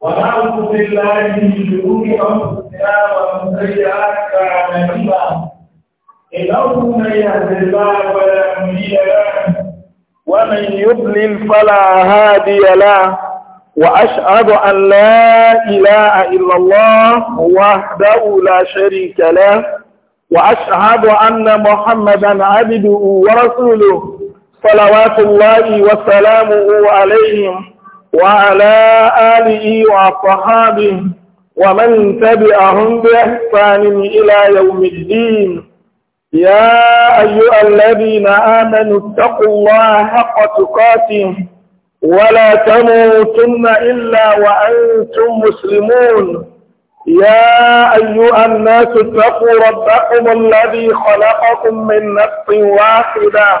ونعوذ بالله من شرور انفسنا ومن سيئات اعمالنا انه من يهد الله فلا مضل له ومن يضلل فلا هادي له واشهد ان لا اله الا الله وحده لا شريك له واشهد ان محمدا عبده ورسوله صلوات الله وسلامه عليهم وعلى آله وصحابه ومن تبعهم بإحسان إلى يوم الدين يا أيها الذين آمنوا اتقوا الله حق تقاته ولا تموتن إلا وأنتم مسلمون يا أيها الناس اتقوا ربكم الذي خلقكم من نفس واحدة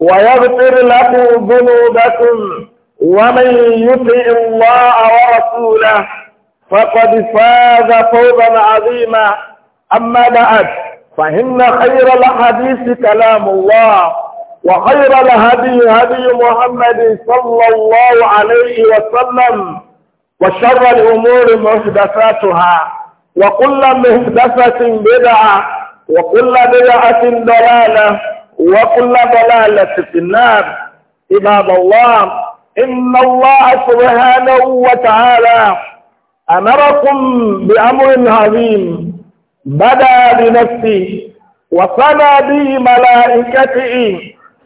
ويغفر لكم ذنوبكم ومن يطع الله ورسوله فقد فاز فوزا عظيما أما بعد فإن خير الحديث كلام الله وخير الهدي هدي محمد صلى الله عليه وسلم وشر الأمور محدثاتها وكل محدثة بدعة وكل بدعة ضلالة وكل ضلالة في النار عباد الله إن الله سبحانه وتعالى أمركم بأمر عظيم بدأ بنفسه وصنى بملائكته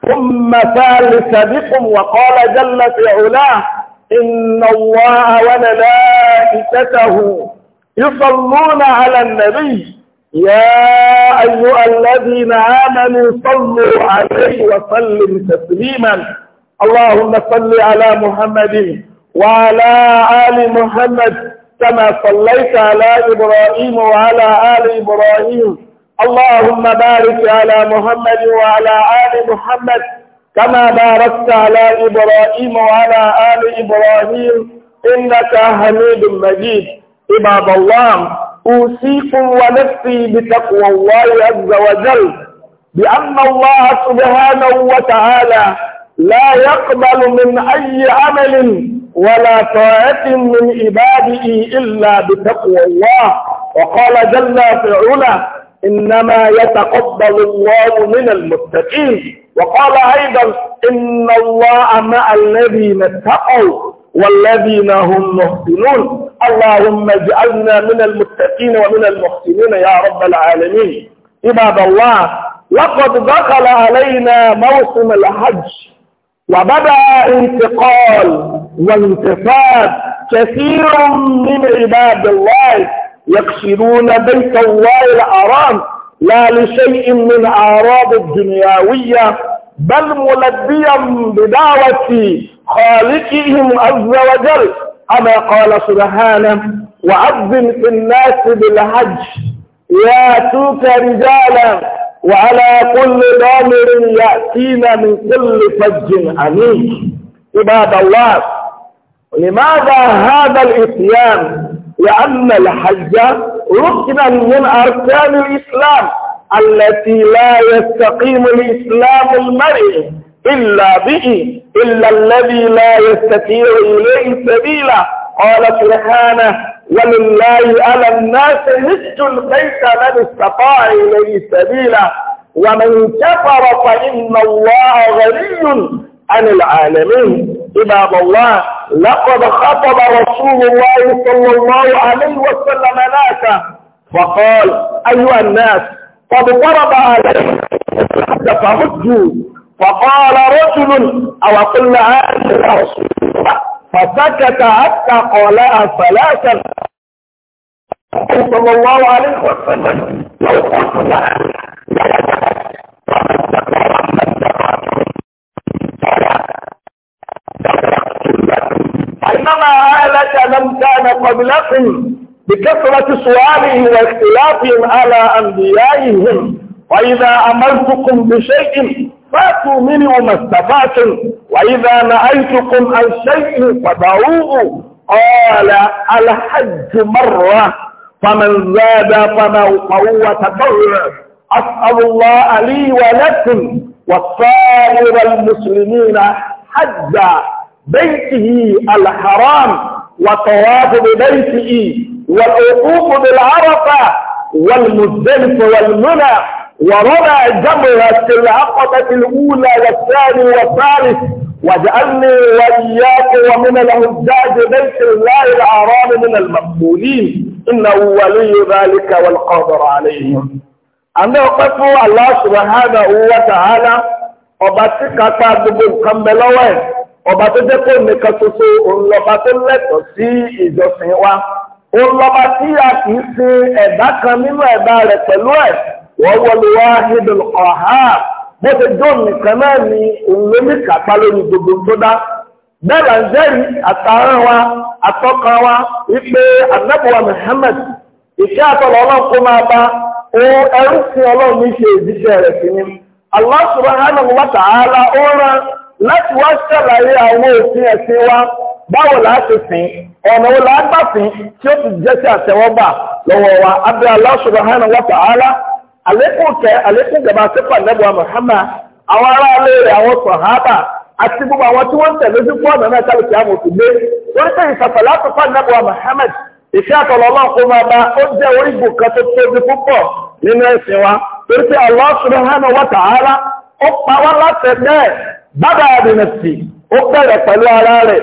ثم ثالث بكم وقال جل في علاه إن الله وملائكته يصلون على النبي يا أيها الذين آمنوا صلوا عليه وسلم تسليما اللهم صل على محمد وعلى آل محمد كما صليت على إبراهيم وعلى آل إبراهيم اللهم بارك على محمد وعلى آل محمد كما باركت على إبراهيم وعلى آل إبراهيم إنك حميد مجيد عباد الله أوصيكم ونفسي بتقوى الله عز وجل بأن الله سبحانه وتعالى لا يقبل من أي عمل ولا طاعة من عباده إلا بتقوى الله وقال جل في علا إنما يتقبل الله من المتقين وقال أيضا إن الله مع الذين اتقوا والذين هم محسنون اللهم اجعلنا من المتقين ومن المحسنين يا رب العالمين عباد الله لقد دخل علينا موسم الحج وبدأ انتقال وانتفاد كثير من عباد الله يكسرون بيت الله الحرام لا لشيء من أعراض الدنياوية بل ملبيا بدعوة خالقهم عز وجل أما قال سبحانه وعظم في الناس بالحج ياتوك رجالا وعلى كل ضامر يأتينا من كل فج عميق عباد الله لماذا هذا الإتيان لأن الحج ركنا من أركان الإسلام التي لا يستقيم الإسلام المرئي إلا به إلا الذي لا يستطيع إليه سبيلا قال سبحانه ولله على الناس مثل البيت من استطاع إليه سبيلا ومن كفر فإن الله غني عن العالمين عباد الله لقد خطب رسول الله صلى الله عليه وسلم ناسا فقال أيها الناس قد ضرب عليكم فمدوا فقال رجل أو قل يا رسول الله فسكت حتى قالها ثلاثا صلى الله عليه وسلم إنما هلك من كان قبلكم بكثرة سؤاله واختلافهم على أنبيائهم وإذا أمرتكم بشيء فاتوا منه ما استطعتم وإذا نعيتكم عن شيء فدعوه قال الحج مرة فمن زاد فما فهو تبرع أسأل الله لي ولكم وسائر المسلمين حج بيته الحرام وطواف ببيته والوقوف بالعرفة والمزدلف والمنى ورفع جبهة العقبة الأولى والثاني والثالث واجعلني وإياك ومن الهجاج بيت الله الحرام من المقبولين إنه ولي ذلك والقادر عليهم àmì ọpẹ́ fún Allah subhanahu wa ta'ala ọba tí kápá gbogbo nǹkan bẹ lọ́wọ́ ẹ̀ ọba tó jẹ́ kó nìkan ṣoṣo òǹlọ́ba tó lẹ́tọ̀ọ́ sí ìjọsìn wa òǹlọ́ba tí a kì í ṣe ẹ̀dá kan nínú ẹ̀dá rẹ̀ pẹ̀lú ẹ̀ wọ́n wọ́lu wahid al nke bó ti dùn nìkan náà ni òun ní kàtà lórí gbogbo tó wa àtọ́ka wa wípé anábọ̀wá Muhammad ìṣẹ́ àtọ̀lọ́ ọlọ́run máa bá òun ẹrú sí ọlọ́run ní ṣe ìdíṣẹ́ rẹ̀ sí ni Allah subhanahu wa ta'ala ó láti wá àwọn òfin ẹ̀sìn wa báwo la ṣe sìn ọ̀nà wo la alekun kẹ àlékún gàba sípà Muhammad àwọn ará ilé rẹ̀ àwọn sọ̀hábà àti gbogbo àwọn tí wọ́n ń tẹ̀lé ojú pọ́ọ̀nù náà kálí kí á mọ̀ Muhammad ìfẹ́ àtọ̀lọ́ náà máa bá ó jẹ́ orígun kan tó tóbi púpọ̀ nínú ẹ̀sìn wa torí pé Allah subhanahu wa ta'ala ó pa wá láti bàbá ó ara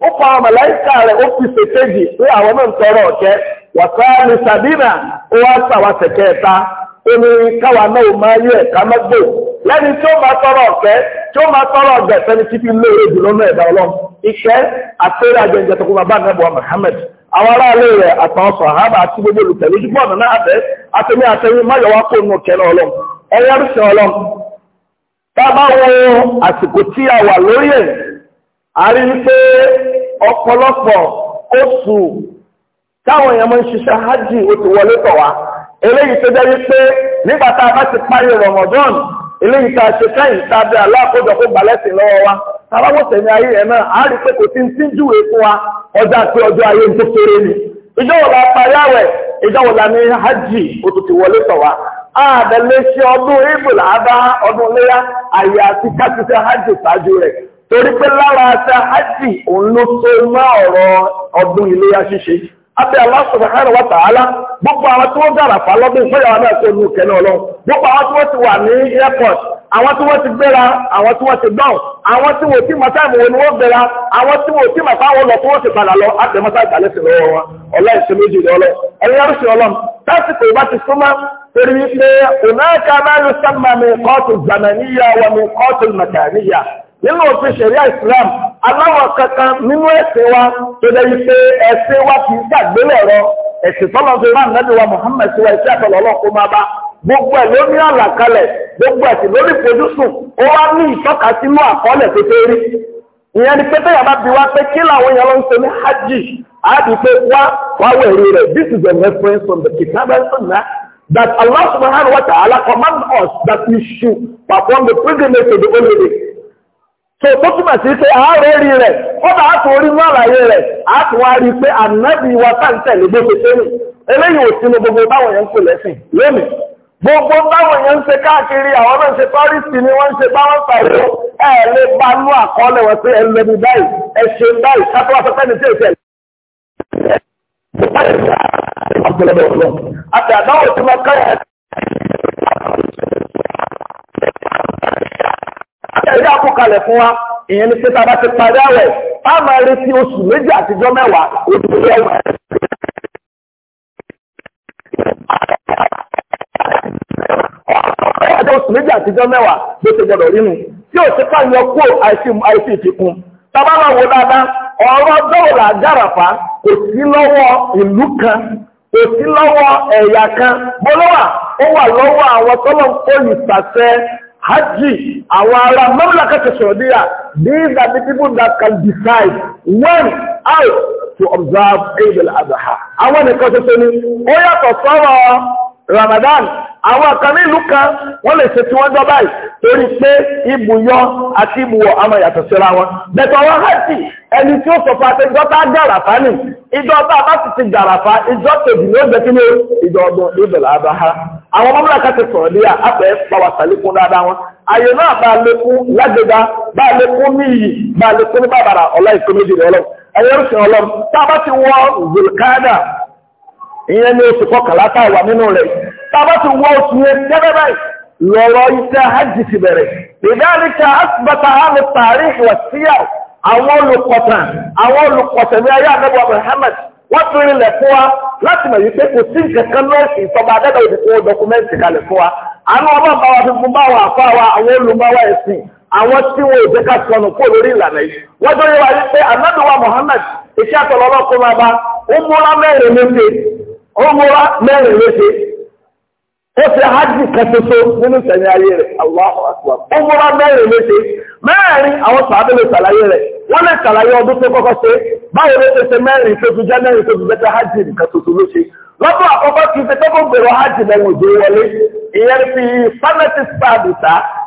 ó pa àwọn màláíkà rẹ̀ ó fi ṣèkejì pé àwọn náà tọrọ ọ̀kẹ́ wàtá ní sàbínà ó wá sàwọn ṣẹ̀kẹ́ ẹ̀ta ó ní náà tọrọ ọ̀kẹ́ tí ó tọrọ ọ̀gbẹ̀ sẹ́ni tí fi lóore jù lọ́nà ẹ̀dá ọlọ́run iṣẹ́ àtẹ́rẹ́ àjẹjẹ tó Muhammad àwọn aráàlú rẹ̀ àtàwọn àti gbogbo náà kó nù kẹ́lẹ́ ọlọ́run ọlọ́run tá a bá àsìkò tí a wà lórí ẹ̀ a rí ọpọlọpọ pé ọ̀pọ̀lọpọ̀ oṣù táwọn èèyàn máa ń ṣiṣẹ́ hajj ó ti wọlé tọ̀ wá eléyìí tó jẹ́ wípé nígbà tá a bá ti parí Ramadan eléyìí tá a ṣe kẹ́yìn tá a bẹ aláàkójọ kó gbàlẹ́sìn lọ́wọ́ wa tàbáwọ̀sẹ̀ ní ayé ẹ̀ náà a rí pé kò tí ń tí ń wa ọjà ọjọ́ ayé ń tó ni ìjọ́wọ̀lá parí àwẹ̀ ìjọ́wọ̀lá ní hajj òtù ti wọlé torí pé lára àti àjì òun ló tó má ọ̀rọ̀ ọdún iléyá ṣíṣe abẹ́ Allah subhanahu wa ta'ala gbogbo àwọn tí wọ́n dára fà lọ́dún ìpínlẹ̀ àwọn náà tó ní ìkẹ́ náà lọ gbogbo àwọn tí wọ́n ti wà ní airport àwọn tí wọ́n ti gbéra àwọn tí wọ́n ti dán àwọn tí wọ́n ti mọ̀ táìmù wọn ni wọ́n gbéra àwọn tí wọ́n ti mọ̀ fáwọn lọ tí wọ́n ti padà lọ àtẹ̀mọ́sá ìgbàlẹ́sìn lọ́wọ́ wọn ọlọ́run ṣe méjì lọ́lọ́ ẹ̀yin arúṣe ọlọ́run tásìkò ìbá ti súnmọ́ torí wípé òun náà máa ń sánmà mi kọ́ọ̀tù zàmàníyà wà mi kọ́ọ̀tù màkàníyà nínú òfin ṣẹ̀ríà Islam aláwọ̀ kankan nínú ẹ̀sìn wa tó dẹ̀ wípé ẹ̀sìn wa kì í gbàgbélẹ̀ rọ ẹ̀sìn tọ́lọ́ fi rán nẹ́bí wa Muhammad sí wa iṣẹ́ àtọ̀lọ́ ọlọ́kùn máa bá gbogbo ẹ̀ ló ní àlàkalẹ̀ gbogbo ẹ̀sìn lórí ìfojúsùn ó wá ní ìtọ́ka sínú àkọọ́lẹ̀ tó tó rí ìyẹn ni pé tẹ́yà bá bi wá pé kí làwọn èèyàn ló ń ṣe hajj àti pé wá wá wẹ̀ rí rẹ̀ this is a reference from the Kitab and Sunnah that Allah subhanahu wa ta'ala command us that we should perform the pilgrimage to the holy day so tó túmọ̀ sí pé àárẹ̀ rí rẹ̀ kọ́dà àtòrí mú àlàyé rẹ̀ àtòwá rí pé ànábì wa sáǹtẹ̀ lè gbé pèsè nì eléyìí ò sínú gbogbo báwọn yẹn ń pè lẹ́sìn lónìí gbogbo báwọn yẹn ń ṣe káàkiri àwọn náà ń ṣe tọ́rìsì ni wọ́n ń ṣe báwọn pàrọ̀ ẹ̀ lè bá nú àkọọ́lẹ̀ wọn pé ẹ lẹ́nu báyìí ẹ ṣe báyìí kátó wá sọ pé ní tí èsì ẹ̀ àti kalẹ̀ fún wa ìyẹn ni pé tábà ti parí àwẹ̀ máa oṣù méjì àtijọ́ mẹ́wàá oṣù oṣù méjì àtijọ́ mẹ́wàá gbọdọ̀ rí nu tí ò àìsí ìfikún tábà máa wo dáadáa ọ̀rọ̀ jàràfà kò sí lọ́wọ́ ìlú kan kò sí lọ́wọ́ ẹ̀yà kan bọ́lọ́wà ó wà lọ́wọ́ àwọn tọ́lọ́ ń kó Hajji, our Mamlakata Saudiya, these are the people that can decide when, how to observe Eid al-Adha. Àwọn ìkọ́sọ́sọ́ ni, ó yàtọ̀ sọ́rọ̀ Ramadan àwọn kan nílùú kan wọ́n lè ṣe tí wọ́n jọ báyìí torí pé ibùyọ àti yàtọ̀ síra wọn bẹ̀tọ̀ hẹ́tì ẹni tí ó àti gàràfà a bá sì ti gàràfà ìjọ tèbí ní ha àwọn ọmọ mìíràn kàtẹ sọ̀rọ̀ ní àpẹ́ pàwà sàlékún dáadáa wọn àyè náà bá lékún lágbègbà bá lékún ní iyì bá lékún ní bàbàrà ọlá ìyẹn ní oṣù kọkànlá tá a wà nínú rẹ̀ tá a bá ti wọ oṣù yẹn gẹ́gẹ́ báyìí lọ́rọ̀ iṣẹ́ hajj ti bẹ̀rẹ̀ ìdáríkà asibata hàmì tààrí ìwà síyà àwọn olùkọ̀tàn àwọn olùkọ̀tàn ní ayé àdébọ̀ Muhammad wọ́n tún rí lẹ̀ fún wa láti mọ̀ yìí pé kò sí nǹkan náà sì ìtọ́ba adẹ́dọ̀ ìdìbò kalẹ̀ fún wa àánú ọba bá wa tuntun bá wa àfa wa àwọn olùmọ̀wá ẹ̀sìn àwọn tí wọn ò jẹ́ ó múra mẹ́rin léṣe ó ṣe hajj kan ṣoṣo nínú sẹ̀mí ayé rẹ̀ Allahu Akbar ó múra mẹ́rin léṣe mẹ́rin àwọn sàbẹ̀ lè ṣàlàyé rẹ̀ wọ́n lè ṣàlàyé ọdún tó kọ́kọ́ ṣe báwo ló ṣe ṣe mẹ́rin tó fi jẹ́ mẹ́rin tó fi hajj nìkan ṣoṣo ló ṣe àkọ́kọ́ kì í ṣe tó kó hajj lẹ́wọ̀n òjò wọlé ìyẹn fi sanẹ́tì sáàbùtà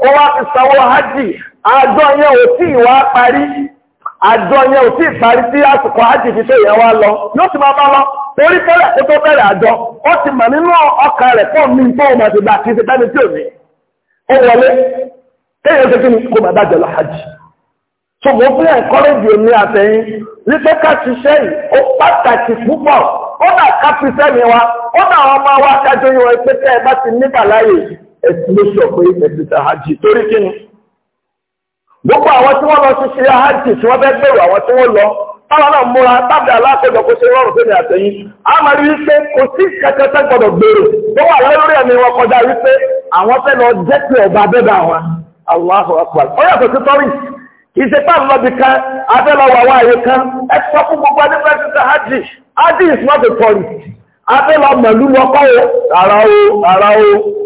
ó wá fi sanwó hajj àjọ yẹn ò tí ì wá parí àjọ yẹn ò tí a sí àsìkò fi tó yẹn wá lọ yóò ti máa bá lọ torí tẹ́lẹ̀ kó tó bẹ̀rẹ̀ àjọ ó ti mọ̀ nínú ọkàn rẹ̀ fún mi tó n ti omi àtẹ̀yìn ká ṣiṣẹ́ yìí ó pàtàkì púpọ̀ ó dà ká fi sẹ́mi wa ó dà ọmọ wa kájọ yìí pé tẹ́ ti ẹ̀sìnlẹ́sọ̀ pé ẹ̀sìnta hajji torí kí ni gbogbo àwọn tí wọ́n lọ sí ṣe tí wọ́n fẹ́ gbèrò àwọn tí wọ́n lọ táwọn náà múra tábí alákọ̀ọ́jọ kó ṣe rọrùn fún ìyàtẹ̀yìn a máa rí wípé kò sí gbọdọ̀ gbèrò tó wà lórí ẹ̀mí wọn kọjá wípé àwọn fẹ́ lọ jẹ́ ọba àwọn kan kan ẹ sọ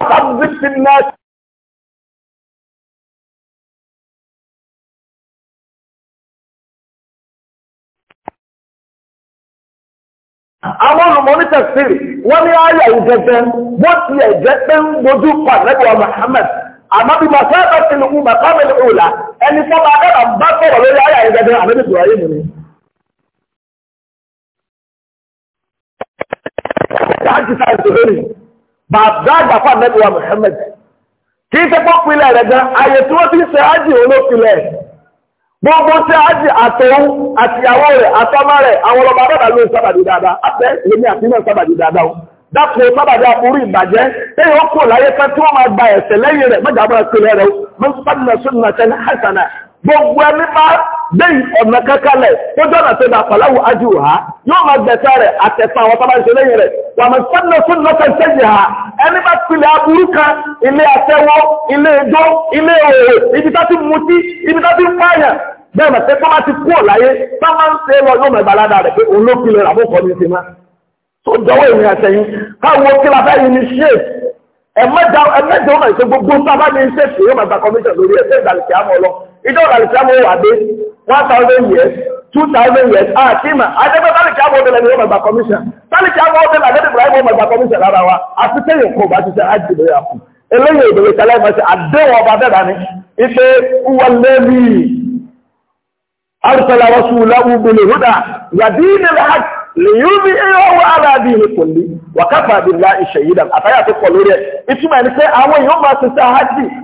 فَقَبِّتْ فِي النَّاسِ àwọn olùmọ̀nítà sí wọ́n ní ayà ìjẹjẹ wọ́n ti ẹ̀jẹ́ pé ń gbójú pa lẹ́gbẹ̀ẹ́ Muhammad àmọ́bí masáàbà ti lùkú masáàbà òòlà ẹni sọ́ba adára bá sọ̀rọ̀ lórí ayà ìjẹjẹ àmọ́bí Ibrahim ni. láti ta ìṣòro nìyí. bàbá àgbàfà mẹ́bíwá Muhammad kì í tẹ́pọ̀ pilẹ̀ rẹ̀ gan ayé tí wọ́n ti ṣe ájì olópilẹ̀ gbogbo tí ájì àtòun àtìyàwó rẹ̀ àtọ́mọ́ rẹ̀ àwọn ọba bàbá ló ń sábàdì dáadáa àbẹ́ èmi àti náà sábàdì dáadáa dápò sábàdì àkúrú ìbàjẹ́ lẹ́yìn ó kò láyé kan tí wọ́n máa gba ẹ̀sẹ̀ lẹ́yìn rẹ̀ rẹ̀ gbogbo ẹni bá gbé ọ̀nà kankanlẹ̀ tó jọ́nà tó dà pàláwù ajú ha yóò máa gbẹ̀sẹ̀ rẹ̀ àtẹ̀sán àwọn tó bá ń ṣe lẹ́yìn rẹ̀ wà mọ̀ sọ́nà fún lọ́sẹ̀ ṣẹ́yìn ha ẹni bá pilẹ̀ aburú kan ilé àtẹwọ́ ilé ijó ilé òòrè ibi tá ti mutí ibi tá ti pààyàn bẹ́ẹ̀ mọ̀ pé tó bá ti kú ọ̀láyé tó máa ń ṣe lọ yóò mọ̀ ìgbàládà rẹ̀ pé òun ló pilẹ̀ àbókọ́ ọmọ ìṣe gbogbo sábà ní iṣẹ́ ṣe yóò máa lórí ẹ̀ṣẹ́ ìgbàlùkì àmọ́ ọlọ́ ìjọ àlìkàmù wà dé 1000 years 2000 years àti ah, mà àjẹpẹ́ tálìkàmù ọ̀dẹ̀lẹ̀ ni wọ́n mọ̀ gbà commission a ọ̀dẹ̀lẹ̀ àjẹpẹ́ Ibrahim wọ́n lára wa àti sẹ́yìn kò bá ti sẹ́ àjì lóyà kù eléyìí àdéhùn ọba bẹ́ẹ̀ dání ipe wọlébì arsala wa aláàbí ní kòlí wàkàfà ẹ̀ pé àwọn èèyàn máa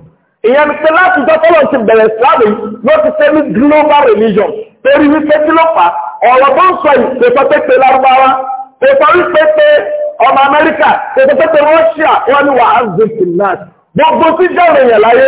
ìyẹn ti láti jọ́tọ́lọ̀ ti bẹ̀rẹ̀ ìsìláàmù ló ti ṣe ní global religion torí wípé kí ló fà ọ̀rọ̀ tó ń sọ yìí kò sọ pé pé lárúbáwá kò sọ wípé pé ọmọ amẹ́ríkà kò sọ pé pé russia wọ́n ní wàhálà gbogbo tí jẹ́ òrìyàn láyé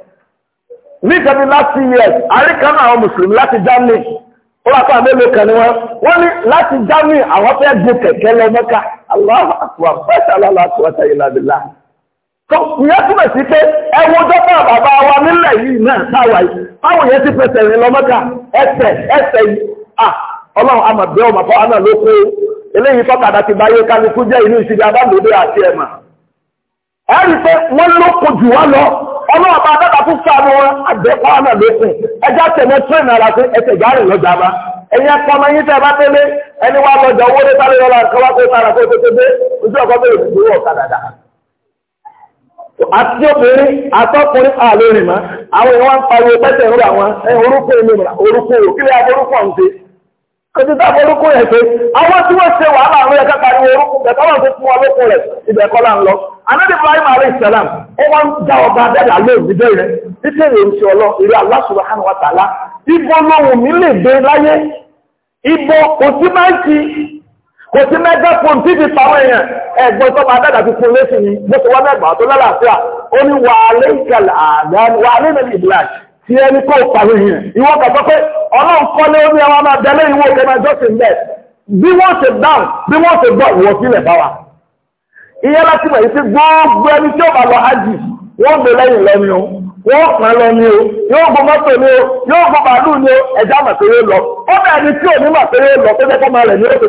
níjẹbi láti us àríkan àwọn mùsùlùmí láti germany ó wà fún àbẹ́lẹ̀ kan ní wọn wọ́n ní láti germany àwọn fẹ́ gbé kẹ̀kẹ́ lọ mẹ́ka aláwọ̀ àtúwà aláwọ̀ àtúwà sẹ́yìn tó ìyẹn sí pé ẹwọ dọ́tà wa nílẹ̀ yìí náà táwa yìí báwo yẹn ti fẹsẹ̀ rìn lọ mẹ́ka ẹsẹ̀ ẹsẹ̀ yìí à ọlọ́run àmọ̀ bẹ́ẹ̀ ọmọ náà ló kó eléyìí ti báyé kálukú jẹ́ inú ọnụ adábàtú sáàmù wọn àgbẹ̀kọ́ ọ̀nà lókun ẹjá tẹ̀mọ́ tírẹ̀ náà láti ẹsẹ̀ ìyárìn lọ́jà bá ẹ̀yin ẹ̀kọ́ yín tẹ́ bá tẹ́lé ẹni wá lọ́jà owó lé sáré lọ́la nǹkan wá kó sára kó ojú ọkọ ọ̀kadà dà. àti obìnrin atọ́kùnrin àlórí mọ́ àwọn ìwọ̀n pariwo pẹ́sẹ̀ kòtí tá àforúkú rẹ̀ pé àwọn tí wọ́n ṣe wàhálà àwọn ẹ̀ka pariwo orúkú bẹ̀tọ́ lọ́n tó fún wọn lókun rẹ̀ ibẹ̀ kọ́ salam ó ọba títí èrè oṣù ọlọ ìrẹ́ Ibo lóhùn mi lè láyé. Ibo kò sí kò sí tí ti èèyàn ẹ̀gbọ́n tó ihe ẹni kó pàwé yẹn ìwọ́n kà sọ pé ọlọ́run kọ́ lé omi ẹwà máa ìwọ́ bí wọ́n ṣe dáhùn bí wọ́n ṣe wa ìyẹn láti mọ̀ yìí pé gbogbo ẹni tí ó bá lọ ájì wọ́n gbé lẹ́yìn o wọ́n pọn lọ o yóò gbọ́ mọ́tò ni o yóò gbọ́ bàálù ni o ẹ̀já màtẹ́rẹ́ lọ ó ni tí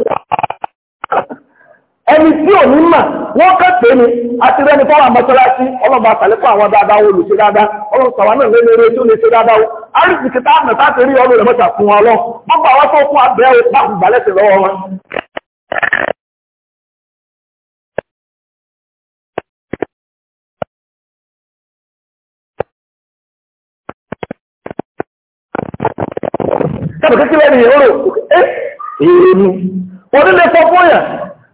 ẹni tí ò ní mà wọ́n kàn pé ni àti rẹ́ni fọ́wọ́ àmọ́sọ́láṣí ọlọ́ba àtàlẹ́kọ̀ àwọn dáadáa wo lè ṣe dáadáa ọlọ́run sàwọn náà lẹ́nu eré tí lè ṣe dáadáa o àríṣì kìtà àmì rí ọlọ́run rẹ̀ fún lọ tó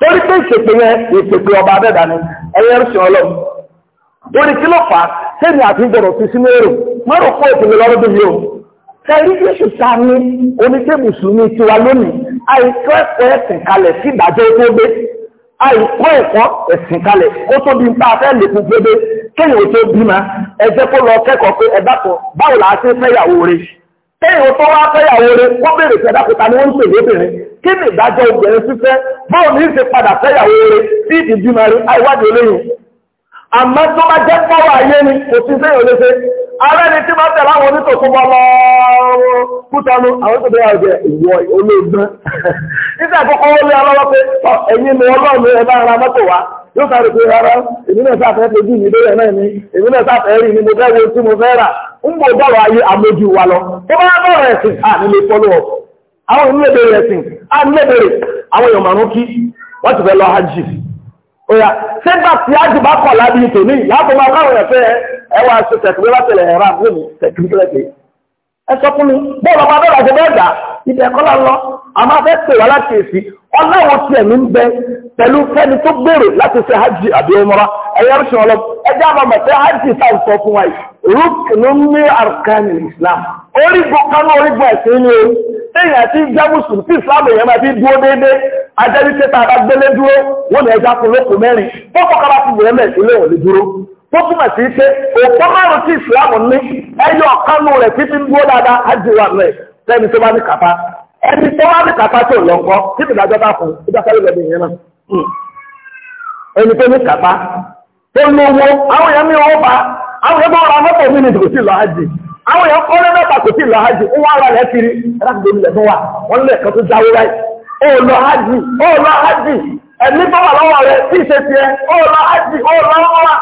torí pé ìṣèpè yẹn ìṣèpè ọba abẹ́dà ni ẹ̀yẹ ń sìn ọlọ́run torí kí ló fà á sẹ́ni àti gbọ̀dọ̀ fi sínú èrò mọ́rọ̀ fún òkèlè lọ́rọ́dún yìí o sẹ́rí yéṣù ta ní oníṣẹ́ mùsùlùmí tiwa lónìí àìkọ́ ẹ̀kọ́ ẹ̀sìn kalẹ̀ sí ìdájọ́ tó gbé àìkọ́ ẹ̀kọ́ ẹ̀sìn kalẹ̀ kó tó bí nípa afẹ́ lè fún gbé kéèyàn tó bímọ ẹ jẹ́ kó lọ kẹ́kọ̀ọ́ pé ẹ báwo làá ṣe fẹ́yàwó rẹ̀ kéèyàn tó wá fẹ́yàwó rẹ̀ wọ́n bèèrè sí ẹ̀dákùta ni wọ́n ń pèlú obìnrin kí ni ìdájọ́ obìnrin fífẹ́ ní padà fẹ́yàwó rẹ̀ sí dị rẹ̀ àìwádìí olóyìn àmọ́ tó bá jẹ́ pọ́wọ́ ayé ni kò sí fẹ́yàn léṣe ara ẹni tí máa tẹ̀lé àwọn onítò fún bọ́lọ́ yóò kárí pé rárá èmi náà sáfẹ́ fojú mi lórí ẹ̀ náà ni èmi náà sáfẹ́ rí ni mo fẹ́ wo tí mo fẹ́ rà ń bò bọ̀rọ̀ ayé àmójú wa lọ tó bá bọ̀rọ̀ ẹ̀sìn à nílé fọ́lọ́ ọ̀ àwọn ìmúlẹ̀bẹ̀rẹ̀ ẹ̀sìn à nílẹ̀bẹ̀rẹ̀ àwọn èèyàn màrún kí wọ́n ti fẹ́ lọ hajj oya sẹ́gbà tí hajj bá kọ̀ lábí tòní láti máa káwọn ẹ̀fẹ́ ẹ wá ṣe tẹ̀kùnrin látẹ̀lẹ̀ ẹ̀rá ibẹ̀ kọ́ la lọ a máa fẹ́ pè wá láti èsì ọláwo tí ẹ̀mí ń bẹ pẹ̀lú fẹ́ni tó gbèrò láti ṣe hajj àbí umra ẹ̀yẹ ń ṣan ẹjẹ́ àwọn mẹ̀fẹ́ hajj tá sọ fún wa yìí rúkìnnú ní arkani islam orígun kanú orígun ẹ̀sìn ni ti já mùsùlùmí tí islam èèyàn máa fi dúró déédéé a gbélé dúró kun lóko mẹ́rin tó túmọ̀ islam ní ẹyọ rẹ̀ títí ń dúró dáadáa sẹ́ni tó bá ní kàpá ẹni tó bá ní kàpá tó lọ kọ́ títí ìdájọ́ bá fún ìdá sáré lọ́dún yẹn náà hmm. ẹni tó ní kàpá tó ní owó àwọn èèyàn owó pa àwọn èèyàn bá mọ́tò kò sí lọ ájì àwọn èèyàn kọ́ lé mẹ́ta kò sí lọ ájì ó wá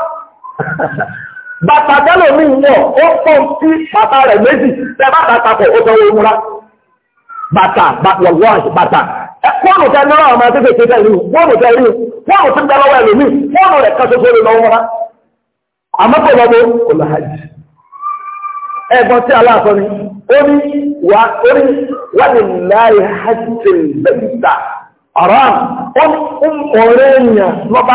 bàtà tẹ́lẹ̀ mi wọ̀ ó pọ̀ sí bàtà rẹ̀ méjì tẹ bàtà takọ̀ ó tẹ́wọ́ múra bàtà wọ̀wọ́ bàtà ọmọ ẹgbẹ́ ìlú ìlú tí ń lọ́wọ́ ẹlòmí rẹ̀ kan ṣoṣo olùhàjì tí aláàfọ́ ni ó ní wà ní láì hajjì ọ̀rọ̀ ó èèyàn lọ́ba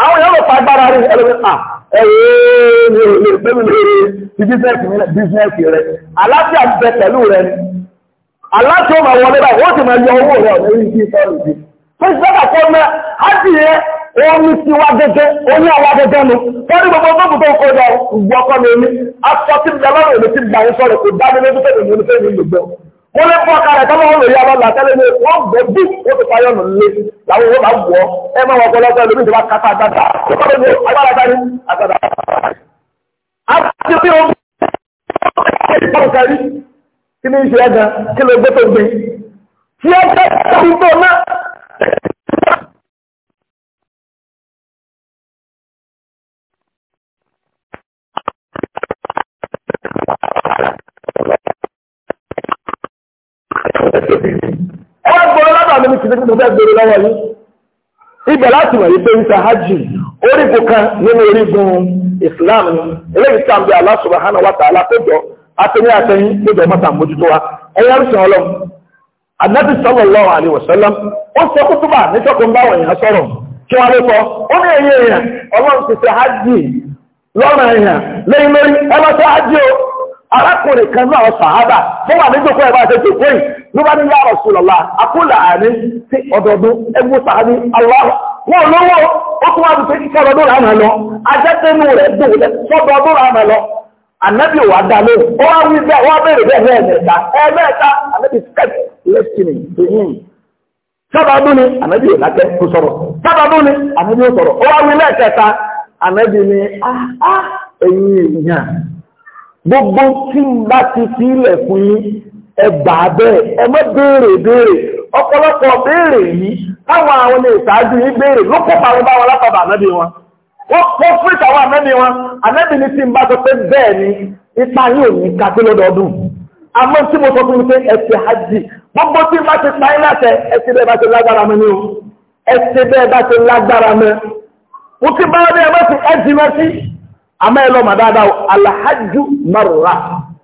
àwọn èèyàn lọ fagbára rí ẹlẹ́gbẹ́ Omi ti wá gẹ́gẹ́, oní àwá gẹ́gẹ́ mú, fọ́nrí gbogbo ọgbọ́gbù tó kọjọ ìgbọ́kọ́ mi ní, a sọ tí ìjọba rẹ̀ lè ti gbà ń sọ́rọ̀ kò dá ní lójú pẹ̀lú ìlú pẹ̀lú ìlú gbẹ̀rún. mo lè fọ́ kára tọ́lọ́ ya ìyá lọ́la tẹ́lẹ̀ ní wọ́n gbọ́ bí ó ti fayọ́ nù lé làwọn yóò bá wù ẹ má wọ ọpọlọ ọgbẹ́ lómi ìjọba agbára dání sí pé mo fẹ́ gbèrè lọ́wọ́ yìí ibẹ̀ láti mọ̀ wípé ìta hajj orígun kan nínú orígun Islam ni a ń bí Allah subhanahu wa ta'ala tó jọ atẹ́yẹ atẹ́yìn tó ha mọ́ta mójútó wa ẹ̀yà sallallahu alaihi wasallam o sọ arákùnrin kan náà sàhábà bó wà ní jòkó ẹ̀bá àti jòkó yìí ló bá ní ya Rasulullah àkúlà àní sí ọ̀dọ̀dún ẹgbó sàhábì aláwọ̀ wọn lówó ó tún wá dùn sí ọdọọdún rà lọ ajẹ́tẹ́nu rẹ̀ dùn lẹ rà lọ ànábì wà dá ó wá wí bẹ́ẹ̀ wá bẹ́ẹ̀ ànábì gbogbo tí ń bá ti fi ilẹ̀ fún yín ẹgbà bẹ́ẹ̀ ẹ mọ́ béèrè béèrè ọ̀pọ̀lọpọ̀ yìí táwọn àwọn ilé ìsáájú yìí béèrè ló kó parun bá wọn látọ̀dọ̀ ànábì wọn wọ́n fún ìtàwọn ànábì wọn ànábì ní tí ń bá pé bẹ́ẹ̀ ni ipa yóò ní lọ́dọọdún àmọ́ tí mo sọ tẹ bẹ́ẹ̀ bá ti lágbára ni bẹ́ẹ̀ bá ti lágbára ti bá wọn àmọ́ ẹ lọ́mà dáadáa alhajjú marra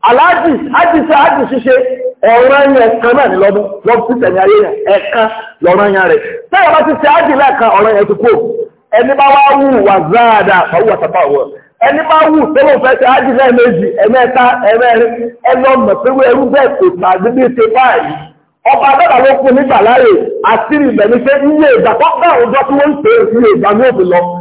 alhaji hajji sí hajji ṣíṣe ọ̀ràn yẹn kan náà ní lọ́dún lọ́dún sí tẹ̀mí ayé yẹn ẹ̀kan lọ́ràn yẹn rẹ̀ tẹ́yà bá ti ṣe hajji lẹ́ẹ̀kan ọ̀ràn yẹn ti kó ẹni bá wá wù wà záàdà fàwọ́ àtàbàwọ̀ ẹni bá wù tọ́lọ̀ fẹ́ ṣe hajji lẹ́ẹ̀mejì ẹ̀mẹ́ta ẹ̀mẹ́rin ẹlọ́mọ̀ pé ẹrú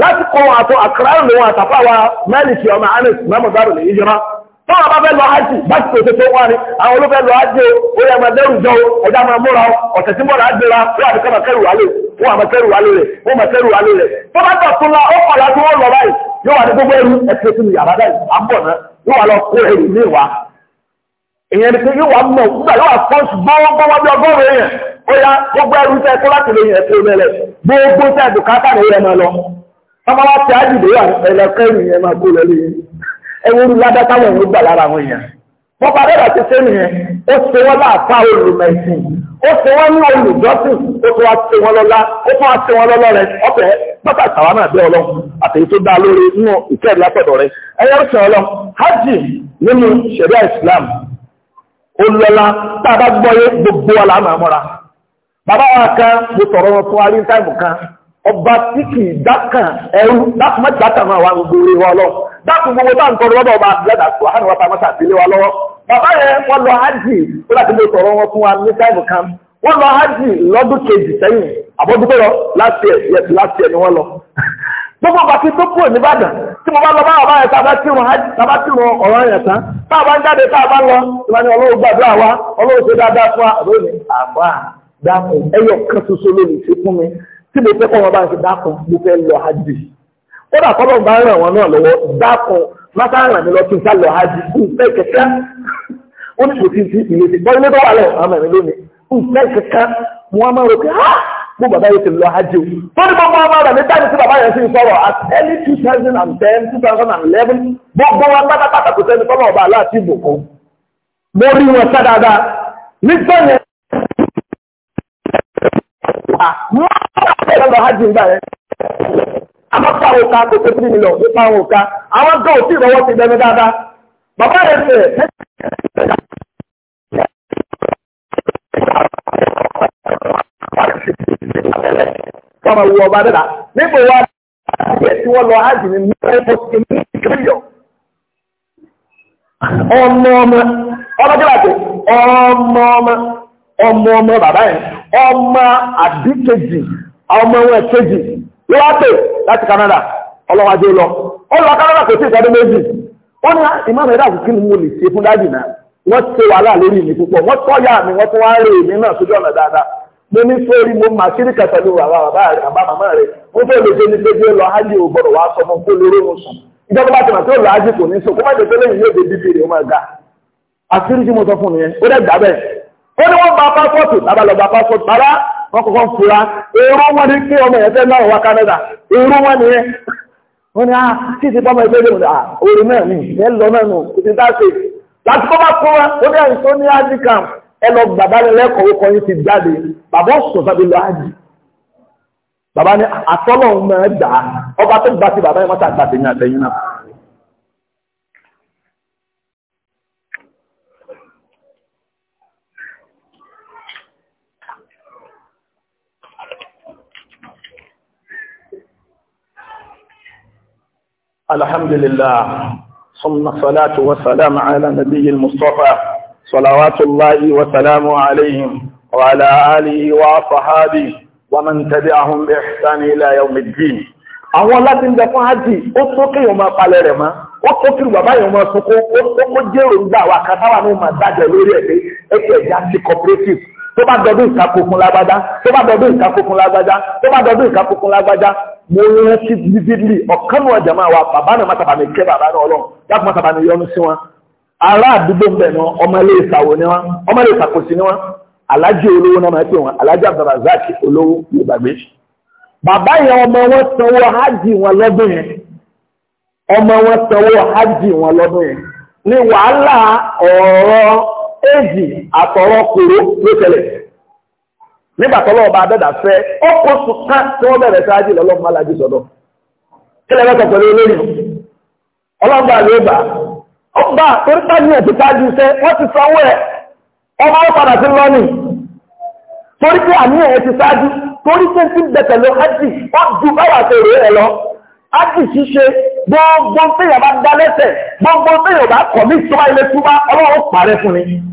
láti kọ́ àtọ́ àkàrà lòun àtàfàwà mẹ́lìkì ọmọ anis mẹ́mọ̀dárò lè yíra tó wà bá fẹ́ lọ ájì bá ti pèsè tó wáni àwọn olófẹ́ lọ ájì orí ẹmọ ẹdẹ́rù jọ ẹjá máa múra ọ̀sẹ̀ tí mọ́ra ájìra wọ́n àti kọ́mọ kẹrù wálé wọ́n àmọ wálé rẹ̀ wálé rẹ̀ tó bá tọ̀ la ó tí wọ́n lọ báyìí yóò wà Ọmọwá ti ájìdé wà pẹ̀lẹ̀ kẹ́yìn ẹ máa kó lẹ́lé ẹwúrú ládátáwọ̀ ló gbà lára àwọn èèyàn. Wọ́n bá rẹ̀ ti nìyẹn, ó ṣe wọ́n láàfá olùmẹ̀sìn, ó ṣe wọ́n ní olùjọ́sìn, ó wá ṣe wọ́n ó wá ṣe wọ́n lọ́lọ́ ọ̀fẹ́ pátá ìtàwá náà ọlọ́run àtẹ̀yí tó dá gbogbo wa Bàbá wa kan mo fún ọba tiki dákàn ẹrú dákùn mọ́ dákàn máa wà gbogbo orí wa lọ dákùn gbogbo ọba àbúlẹ́dà tó hàn wá wa bàbá yẹn lọ hajj tó láti lè sọ̀rọ̀ wọn fún wa ní táìmù kan wọ́n lọ hajj lọ́dún kejì sẹ́yìn àbọ̀dúgbò lọ láti láti ni lọ. gbogbo tó kúrò nìbàdàn tí mo bá lọ tá a bá kírun hajj tá a bá ọ̀rọ̀ yẹn tán tá tí mo fẹ́ kọ́ wọn bá ń ṣe dákun mo fẹ́ lọ hajj kódà kọ́lọ́ bá ràn wọn náà lọ́wọ́ dákun mátà ràn mí lọ kí n sá lọ hajj kú fẹ́ kẹ̀kẹ́ ó ní kò sí ti ìlé ti gbọ́ ilé tó wà lẹ̀ àmọ́ ẹ̀mí lónìí kú fẹ́ kẹ̀kẹ́ mo á máa rò pé á ah! mo bàbá yẹn ti lọ hajj o tó ní gbogbo ọmọ rẹ̀ ní tí bàbá yẹn ti sọ̀rọ̀ at early two thousand and ten two thousand and eleven gbogbo wọn pátápátá kò sẹ́ni kọ́lọ́ ọba aláàtì ìbùkún ọ ga hajj nígbà yẹn àmọ́ pàwọn òka kò tó tìrì nílọ ní pàwọn òka àwọn tó tí ìrọwọ́ ti dẹnu dáadáa bàbá rẹ̀ ṣe Kọ́mọ wa ẹ̀ tí wọ́n lọ hajj ní mẹ́rin fún mi kílíọ̀. Ọmọ ọmọ ọmọ kí láti ọmọ ọmọ ọmọ ọmọ ọmọ àdìkejì ọmọ wọn kejì ló wá pè láti Canada ọlọ́wájú lọ ó lọ Canada kò sí ìtọ́dún méjì ó ní ìmọ̀ mẹ́ta kò kí ni mo lè ṣe fún dáàdì náà wọ́n ti ṣe wàhálà lórí mi púpọ̀ wọ́n tọ́ ya mi wọ́n tún wá rè mí náà sójú ọ̀nà dáadáa mo ní sórí mo mà sí nìkan pẹ̀lú bàbá bàbá rẹ̀ bàbá màmá rẹ̀ mo fẹ́ lè ṣe ní pé bí ó lọ ájì ò gbọ́dọ̀ wá sọ fún kó lóró mo sùn ìjọba bá ti mà tí ó lọ ájì kò ní sọ kó má jẹ pé lẹ́yìn yóò dé bíbí rẹ̀ ó máa ga àṣírí tí mo sọ fún nìyẹn ó dẹ̀ gbà bẹ́ẹ̀ ó ní wọ́n gba pásọ̀tù bàbá lọ gba pásọ̀tù bàbá wọ́n kọ́kọ́ fura èrò wọn ni pé ọmọ ẹ̀fẹ́ náà wá Canada èrò wọn ni ẹ wọ́n ni a ah, tí ti pọ́mọ ẹgbẹ́ lòdà ah, orí náà ni ẹ lọ náà nù kò ti dá sí láti kọ́ bá fún wa ó ní àìsàn ní ájì kan ẹ lọ bàbá rẹ lẹ́kọ̀ọ́ kọ́ yín ti jáde bàbá sọ sábẹ́ lọ ájì bàbá ni àtọ́lọ́ ọba tó gbà sí bàbá yẹn mọ́ta gbà sí ní àtẹ̀yìn náà الحمد لله ثم الصلاة والسلام على نبي المصطفى صلوات الله وسلام عليهم وعلى آله وصحابه ومن تبعهم بإحسان إلى يوم الدين àwọn láti ń bẹ fún ájì ó tó kí èèyàn máa palẹ̀ rẹ̀ mọ́ ó tó kí bàbá èèyàn máa sunkún ó kó jèrò ń gbà wà kátàwà ní ìmọ̀ dájọ́ lórí ẹ̀ pé ẹ̀já sí cooperative tó bá dọdún ìkàkó fún lágbájá tó bá dọdún ìkàkó fún lágbájá tó bá dọdún ìkàkó fún lágbájá mo rán sí vividly ọ̀kan ní ọjà máa wà bàbá náà má sábà mi kẹ́ bàbá náà ọlọ́run dákun má sábà mi sí wọn ará àdúgbò ń bẹ̀ náà ọmọ ilé ìsàwò ni wọn ọmọ ilé ìsàkóso ni wọn alájì olówó náà máa pè wọn alájì abdulrasaq olówó ní ìgbàgbé bàbá yẹn ọmọ wọn sanwó hajj wọn lọ́dún yẹn ọmọ wọn sanwó hajj wọn lọ́dún yẹn ní wàhálà ọ̀rọ̀ eji àtọ̀rọ̀ kòró ló tẹ̀lẹ̀ nígbà tọ́lọ́ ọba abẹ́dà fẹ́ ọkọ̀ sùkán tí wọ́n bẹ̀rẹ̀ sáájì lọ́lọ́mọ alájú sọ́dọ̀ kí lẹ́yìn pẹ̀lú olóyìn ọlọ́gbà ló gbà ọgbà torí tájú ẹ̀ ti tájú sẹ́ wọ́n ti sanwó ẹ̀ sí lọ́nì torí pé ẹ̀ ti sáájú torí pé ti bẹ̀tẹ̀ lọ ájì wọ́n ju báwà ẹ̀ lọ ájì ṣíṣe gbogbo lẹ́sẹ̀ gbogbo kọ̀ ní ìtura ilé ọlọ́run fún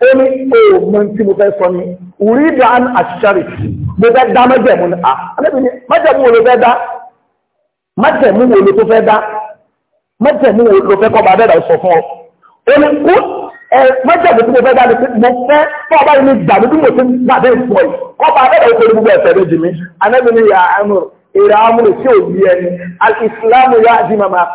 ó ní òòmù tí mo fẹ́ sọ ni rídà án àṣìṣàrì mo fẹ́ dá májẹ̀mú ni à ẹ̀mí ni májẹ̀mú wo ló fẹ́ dá májẹ̀mú wo ló tó fẹ́ dá májẹ̀mú wo ló fẹ́ kọ́ bá bẹ́ẹ̀ sọ fún ọ. ó ní kú ẹ májẹ̀mú tí mo fẹ́ dá ni pé mo fẹ́ fún ọba yìí ní gbàdú bí mo ti ń gbàdé ìfọ̀ yìí kọ́ bá bẹ́ẹ̀ sọ gbogbo ẹ̀fẹ̀ méjì mi ẹ̀mí ni yà á mú èrè amúlò tí ò yí ẹni alìsílámù yá àdìmọ̀ máa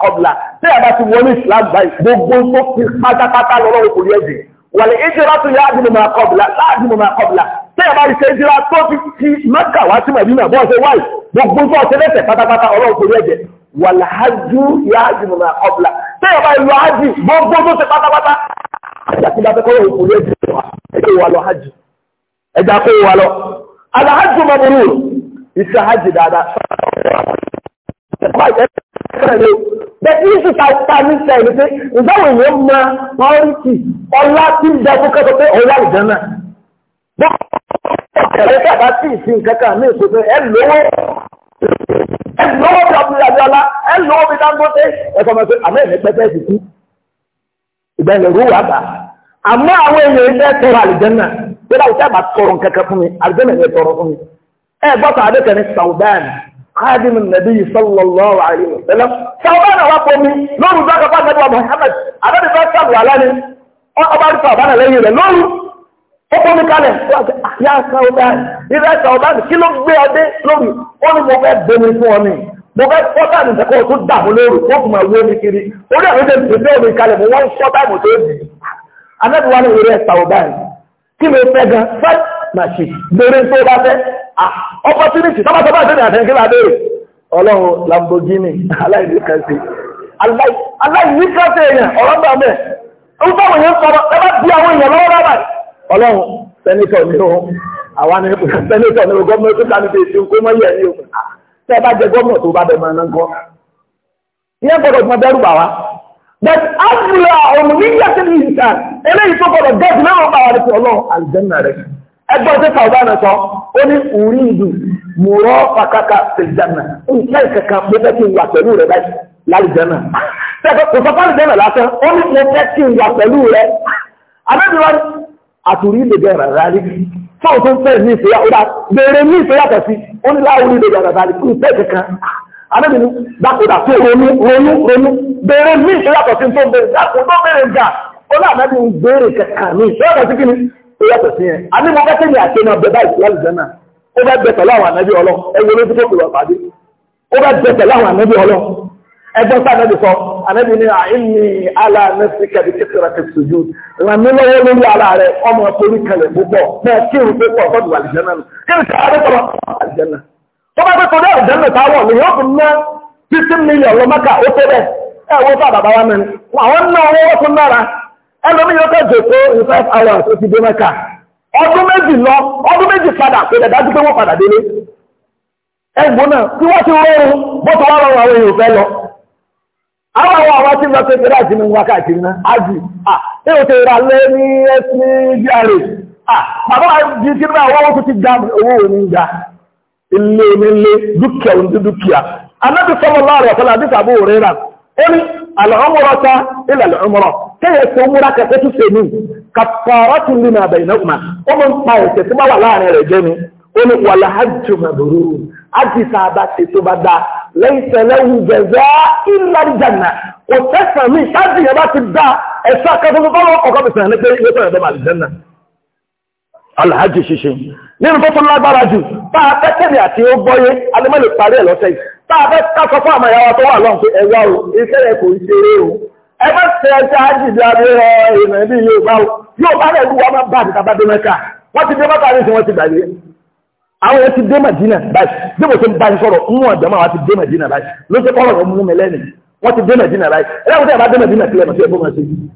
tí a bá ti wọlé ìsìlámù báyìí gbogbo tó fi pátápátá lọ́wọ́ òkòlù ẹ̀jẹ̀ wàlẹ̀ ìjìrá tún yá àdínú máa kọbùlá láàdínú máa kọbùlá tẹ́ ẹ̀bá ìṣẹ́ ìjìrá tó fi ti mẹ́kà wá sí mẹ̀dínà bọ́ ṣe wáyé gbogbo tó ṣe lẹ́sẹ̀ pátápátá ọlọ́run kò rí ẹ̀jẹ̀ wàlẹ̀ ájú yá àdínú máa kọbùlá tẹ́ ẹ̀bá ìlú ájì gbogbo tó ṣe pátápátá ẹ̀rọ bẹ́ẹ̀ ní ìta ta ní sẹ́yìn pé ìgbàwọ̀ èèyàn ma pọ́ńtì ọlá tí ń dẹ́kun kẹ́kọ̀ọ́ pé ọlá ìdáná. Bọ́ọ̀lù ẹ̀rọ bá sì fi nǹkan kan ní ìṣòro ẹ̀ lówó ẹ̀ lówó bí ọdún Abíọ́lá ẹ̀ lówó bí Dangote ẹ̀kọ́ mọ̀ pé àmọ́ ẹ̀mí pẹ́pẹ́ ti kú. Ìgbàlẹ̀ rú wà bá. Àmọ́ àwọn èèyàn ilé tọrọ àlìjẹ́nà pé láwùjọ àbá tọrọ nǹkan kan fún mi àlìjẹ́nà ẹ̀ tọrọ fún mi. Ẹ gbọ́dọ̀ adékẹ́ni Sàwùdáàni خادم النبي صلى الله عليه وسلم سوبان رقمي لورو ذاك فاز ابو محمد انا بي فاز ابو علاني ابو عارف ابانا لين له لورو ọkùnrin kalẹ̀ yá sàwọ́dán ìrẹ́ sàwọ́dán kí ló gbé ọdẹ lórí ó ní mo fẹ́ bomi fún ọ ní mo fẹ́ pọ́tàdì ìtẹ́kọ̀ọ́ tó dàmú lórí ó kùnmọ̀ wé mi kiri orí àwọn ọdẹ tó dẹ́ omi kalẹ̀ mo wọ́n sọ́tàmù tó dì anábìwá ní ìrẹ́ sàwọ́dán kí ló fẹ́ gan fẹ́ màṣì lórí tó bá fẹ́ Ah, opportunity sábà sábà àti ìrìnàjò ìgbéra dé ọlọ́run Lamborghini aláìníkàsí aláìníkàsí èèyàn ọ̀rọ̀ gbà mẹ́ ó báwọn èèyàn sọ̀rọ̀ ẹ bá bí àwọn èèyàn lọ́wọ́ bàbá ọlọ́run sẹ́nitọ̀ ni ó àwa ni sẹ́nitọ̀ ni ó gọ́ọ̀mù tó kánú bèèrè kó mọ́ yẹ̀ ní òkú ah, tẹ́ bá jẹ gọ́ọ̀mù tó bá bẹ̀ mọ́ ẹ̀nà gan ìyẹn gbọ́dọ̀ mọ dẹ́rù bà wá but abúlé ọ̀run níyàtí ní ìsàn eléyìí tó gbọ́dọ̀ gẹ́ẹ̀tì náà wọ́n bá wà ní ti ọlọ́run àlùjẹ́ ẹgbẹ́ ọdún sàwọ́dá náà sọ ó ní orí ìlú mùrọ́ pàkàkà fìjànà nǹkan kankan mo fẹ́ kí n wà pẹ̀lú rẹ báyìí lálùjẹ́nà tẹ́kọ̀ kò sọ fálùjẹ́nà lásán ó ní mo fẹ́ kí n wà pẹ̀lú rẹ abẹ́bíwá àtúrí lè bẹ rárá rí fáwọn tó ń fẹ́ ní ìfẹ́yà ó dá bèèrè ní ìfẹ́yà tẹ̀ sí ó ní láwùrí lè bẹ rárá rí kí n fẹ́ kankan abẹ́bínú dákúdà tó ronú ronú ronú bèèrè ní ìfẹ́yà tẹ̀ sí tó bèèrè dákúdà bèèrè gà ó yàtọ̀ sí yẹn a ní mo fẹ́ kéde àti náà bẹ̀rẹ̀ báyìí láti jẹ́nà ó bẹ́ bẹ̀ pẹ̀lú àwọn ànábì ọlọ́ ẹgbẹ́ ló ti tó kùrọ̀ pàdé ó bẹ́ bẹ̀ pẹ̀lú àwọn ànábì ọlọ́ ẹgbẹ́ sá ànábì sọ ànábì ní àìní ala nẹ́sì kẹ́bi kékeré kẹ́ sojú ràn mí lọ́wọ́ lórí ara rẹ ọmọ torí kalẹ̀ púpọ̀ bẹ́ẹ̀ kí n tó pọ̀ fọ́dù àlìjẹ́nà nù kí n tó bá tó dé àlìjẹ́nà táwọn ni yóò fi ná fifteen million lọ́mọ́kà ó tó bẹ́ẹ̀ ẹ̀ wọ́n fà bàbá wa mẹ́rin àwọn náà wọ́n tún nára ẹlòmí yóò fẹ́ jòkó in five hours ó ti dé mẹ́ka ọdún méjì lọ ọdún méjì padà kò lè pé wọ́n padà délé ẹgbọ́n náà tí wọ́n ti rọrùn wá rọrùn àwọn èèyàn fẹ́ lọ àwọn àwọn àwọn tí ń lọ sí ìpínlẹ̀ àti náà à ṣé o ti ra lé ní ẹsìn gra à bàbá kí ní àwọn ẹni al'umurata ila al'umura kéyẹ tó múra kẹfẹ́ tó fèmí kàfàrà tún lè máa bẹ̀yìn náà ó mọ̀ ń pa ẹ̀sẹ̀ tó bá wà láàrin rẹ̀ jẹ́ ni ó ní wà láhájú màbúrú àdìsá bá ṣe tó bá nínú tó tún lágbára jù bá a fẹ́ tẹ̀lé àti ó gbọ́yé alẹ́mọ́lẹ̀ parí ẹ̀ lọ́sẹ̀ yìí bá a fẹ́ káfọ́ fún àmọ́ ìyáwó tó wà lọ́n pé ẹ̀wá o iṣẹ́ ẹ̀ kò ṣeré o ẹ bá ṣe ẹja àjìjì abẹ́rẹ́ ìrìnà bí yóò bá o yóò bá rẹ̀ wúwa máa bá àdìgbà bá dé mẹ́ka wọ́n ti dé mẹ́ka ní ìsìn wọ́n ti gbàgbé àwọn yẹn ti dé Madina báyìí bí mo ti ń bá ń sọ̀rọ̀ ń wọ̀n dẹ́mọ̀ àwọn ti dé Madina báyìí ló ṣe kọ́rọ̀ ọ̀hún mú mi lẹ́nu wọ́n ti dé Madina báyìí ẹ̀rọ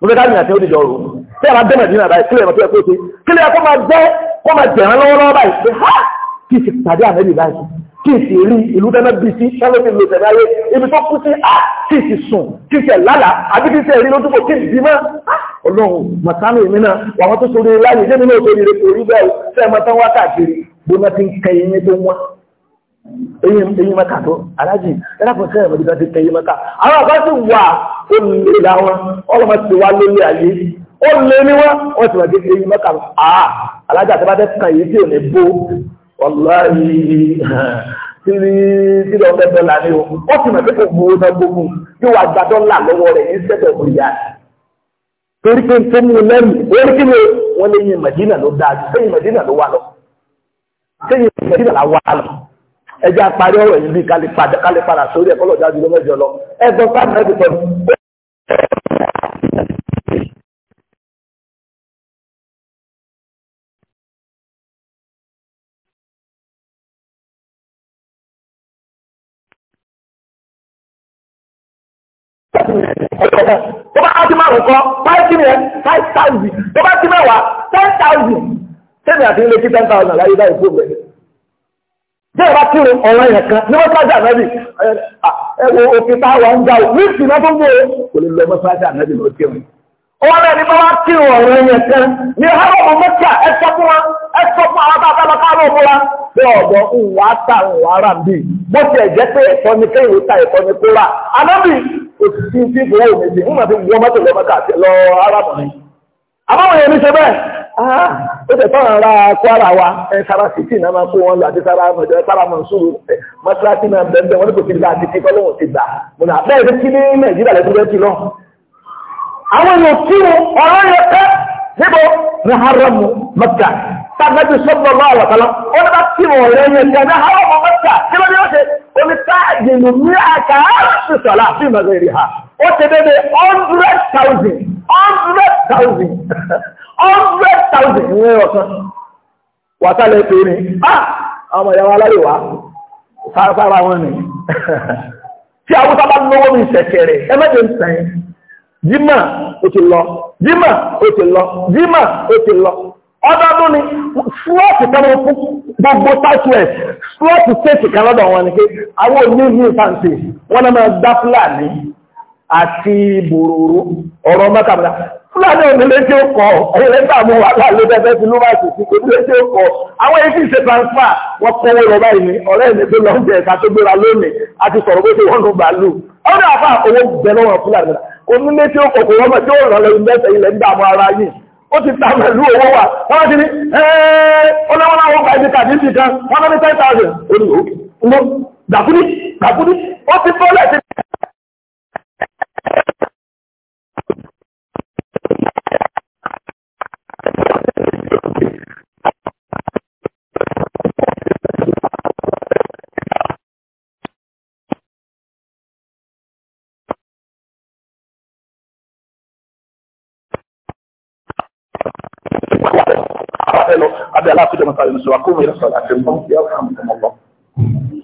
gbogbo ká nìyàtẹ́ ó dìjọ rò tí a bá bẹ́ẹ̀ nàìjíríà báyìí kílẹ̀ ẹ̀mọ́ tó yẹ kó ṣe kílẹ̀ kó máa jẹ́ kó máa jẹ̀rán lọ́wọ́lọ́wọ́ báyìí pé ha kí n sì pàdé àmẹ́lì báyìí kí n sì rí ìlú dáná bíi sí sálómi ló tẹ̀lé ayé ibi tó kú a kí n sì sùn kí n sì lálà àbí kí n sì rí lójúbọ kí n sì bímọ ọlọ́run màtánù èmi náà wà wọ́n tó sórí láyé jẹ́mi náà sórí rẹ̀ kò rí bẹ́ẹ̀ sẹ́ẹ̀ mọ́tán wákàtí gbóná ti ń kẹyìn eyín mẹ́ta tó alájì ẹlápọ̀tẹ́ ẹ̀mọ̀dúgbà ti tẹ̀yí mẹ́ta àwọn àbá sì wà ó lè láwọn ọlọ́mọ ti wá lórí ayé ó lè ní wọ́n wọ́n ti wàdé eyín mẹ́ta àà alájà tó bá tẹ́ kàn yìí tí ò ní bó ọlọ́rí tírí tírí ọ̀fẹ́ dọ́là ni o ó ti mọ̀ pé kò gbowó náà gbogbo yóò wá gba dọ́là lọ́wọ́ rẹ̀ ní sẹ́tọ̀ òyà torí pé tó mú lẹ́nu orí kí ni wọ́n lé yín Mẹ̀dínà ló dáa sẹ́yìn Mẹ̀dínà ló wà wà lọ ẹjẹ́ àparí ọ̀rọ̀ yìí bí kálí padà sórí ẹ̀kọ́ lọ́jà jùlọ mẹ́jọ lọ ẹgbọ́n sáàmù ẹ̀dùn pẹ̀lú. tó bá ti márùn kọ five million five thousand tó bá ti mẹ́wàá ten thousand tẹ́lẹ̀ àti ilé kí ten thousand láyé báyìí fún mi. bí ẹ bá ọrụ ọ̀rọ̀ ẹ̀yẹ̀ kan ní wọ́n sáájà nábì ẹ̀wọ̀ òfin táwa ń gbà ní ìsìnà tó gbé kò lè lọ mọ́ sáájà lọ kírun. ọwọ́ náà ní bá wá ọ̀rọ̀ ẹ̀yẹ̀ kan ní fún wa fún àwọn bàbá bàbá wa. bí ń wá ń wá Ah, ó tẹ̀ tọ́rọ ara kwara wa sára city náà máa kó wọn lọ àti sára mọ̀jọ́ sára mọ̀súrù mọ́sálásí náà bẹ̀rẹ̀ wọ́n ní kò sí ìgbà àti kíkọ́ lóhùn ti gbà mo nà bẹ́ẹ̀ ní kí ní nàìjíríà lẹ́tọ́ bẹ́ẹ̀ ti lọ. àwọn èèyàn ọ̀rọ̀ pẹ́ níbo ní haramu mẹ́ta tàbí sọ́gbọ̀n wà bá haramu mẹ́ta kí ó ṣe dédé hundred thousand hundred thousand hundred thousand ìwé ọ̀sán wàtálẹ̀ pé ní ah, ọmọ ìyàwó aláríwá sára wọn ni tí àwúsá bá lówó mi ṣẹ̀kẹ̀rẹ̀ ẹmẹ́jẹ̀ ń sẹ́yìn jímà ó ti lọ jímà ó ti lọ jímà ó ti lọ ọdọọdún ni slọ́ọ̀tì kan ló fún gbogbo southwest slọ́ọ̀tì state kan lọ́dọ̀ wọn ni pé àwọn oníhìn fàǹtì wọn náà máa dá fúlàní àti bòròrò ọ̀rọ̀ mọ́tàmọ́tà fúlàní mú tí ló ti sí onílé tí àwọn ṣe wọ́n báyìí ní ọ̀rẹ́ mi tó ẹ̀ka tó gbéra lónìí àti sọ̀rọ̀ wọ́n bàálù owó bẹ̀ lọ́wọ́ fúlàní kò rọ́mọ tí ó ta pẹ̀lú owó wọ́n ti ní ìdíkà ní wọ́n ní ten thousand ó ní òkè dàkúdí dàkúdí ó ti المسواك وقوموا إلى الصلاة يرحمكم الله